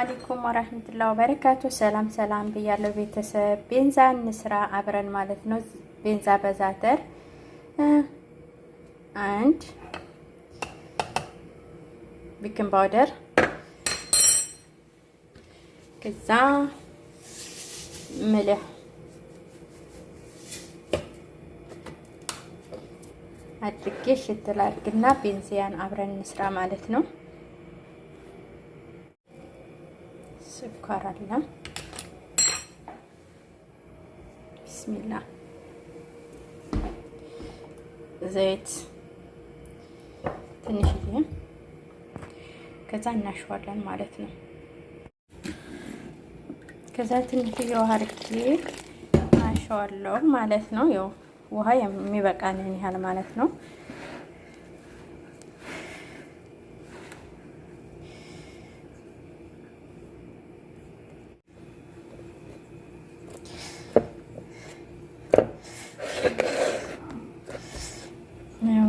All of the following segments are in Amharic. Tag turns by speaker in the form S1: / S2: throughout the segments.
S1: አለይኩም ወራህመቱላሂ ወበረካቱ። ሰላም ሰላም ብያለሁ ቤተሰብ። ቤንዛ እንስራ አብረን ማለት ነው። ቤንዛ በዛተር አንድ ቤኪንግ ፓውደር ከዛ ምልህ አድርጌ ሽትል አድርግና ቤንዚያን አብረን እንስራ ማለት ነው። ስኳር አለ። ቢስሚላ ዘይት ትንሽዬ ከዛ እናሸዋለን ማለት ነው። ከዛ ትንሽዬ ውሃ አድርጌ አሸዋለሁ ማለት ነው። ያው ውሃ የሚበቃንን ያህል ማለት ነው።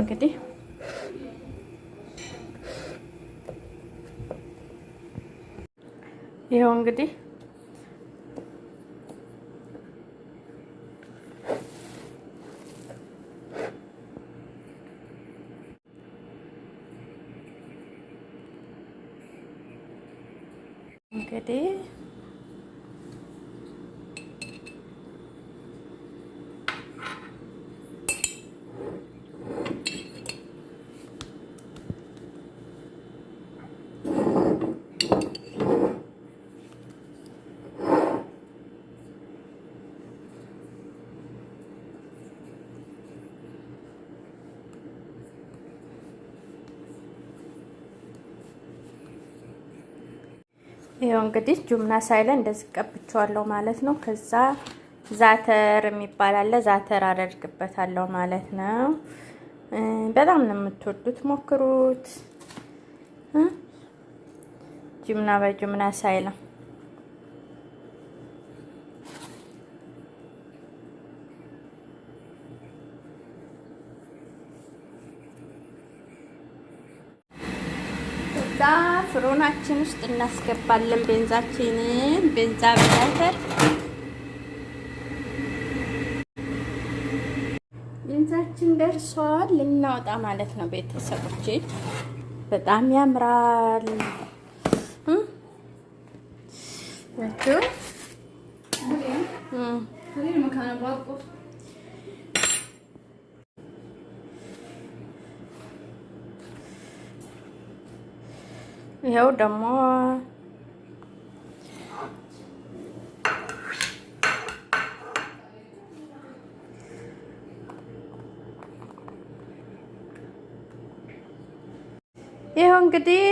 S1: banget ya ya orang gede Oke ይኸው እንግዲህ ጁምና ሳይለ እንደዚህ ማለት ነው። ከዛ ዛተር የሚባል አለ ዛተር አደርግበታለሁ ማለት ነው። በጣም ነው የምትወዱት፣ ሞክሩት። ጁምና በጁምና ሳይለ ፍሮናችን ውስጥ እናስገባለን። ቤንዛችንን ቤንዛ በላተር ቤንዛችን ደርሷል። ልናወጣ ማለት ነው ቤተሰቦች በጣም ያምራል ያቸው ይኸው ደግሞ ይኸው እንግዲህ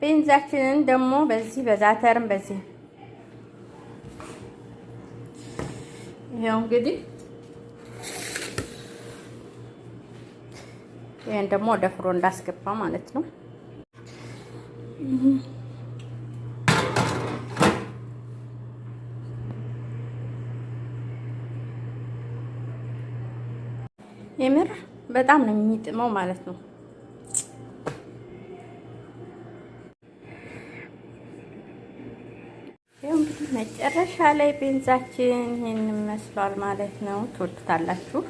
S1: ቤንዛችንን ደግሞ በዚህ በዛተርም በዚህ ይኸው እንግዲህ ይሄን ደግሞ ወደ ፍሮ እንዳስገባ ማለት ነው። የምር በጣም ነው የሚጥመው ማለት ነው። ይኸው እንግዲህ መጨረሻ ላይ ቤንዛችን ይህን መስሏል ማለት ነው። ትወዱታላችሁ።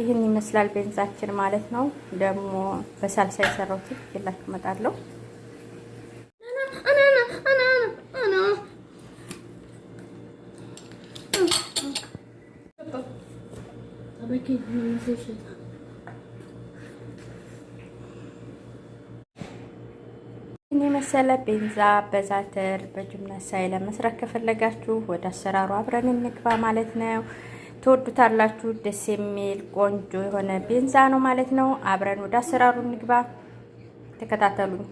S1: ይህን ይመስላል ቤንዛችን ማለት ነው። ደግሞ በሳልሳ የሰራሁትን ይዤላችሁ እመጣለሁ። የመሰለ ቤንዛ በዛትር በጅምናሳይ ለመስራት ከፈለጋችሁ ወደ አሰራሩ አብረን እንግባ ማለት ነው። ትወዱታላችሁ። ደስ የሚል ቆንጆ የሆነ ቤንዛ ነው ማለት ነው። አብረን ወደ አሰራሩ እንግባ። ተከታተሉኝ።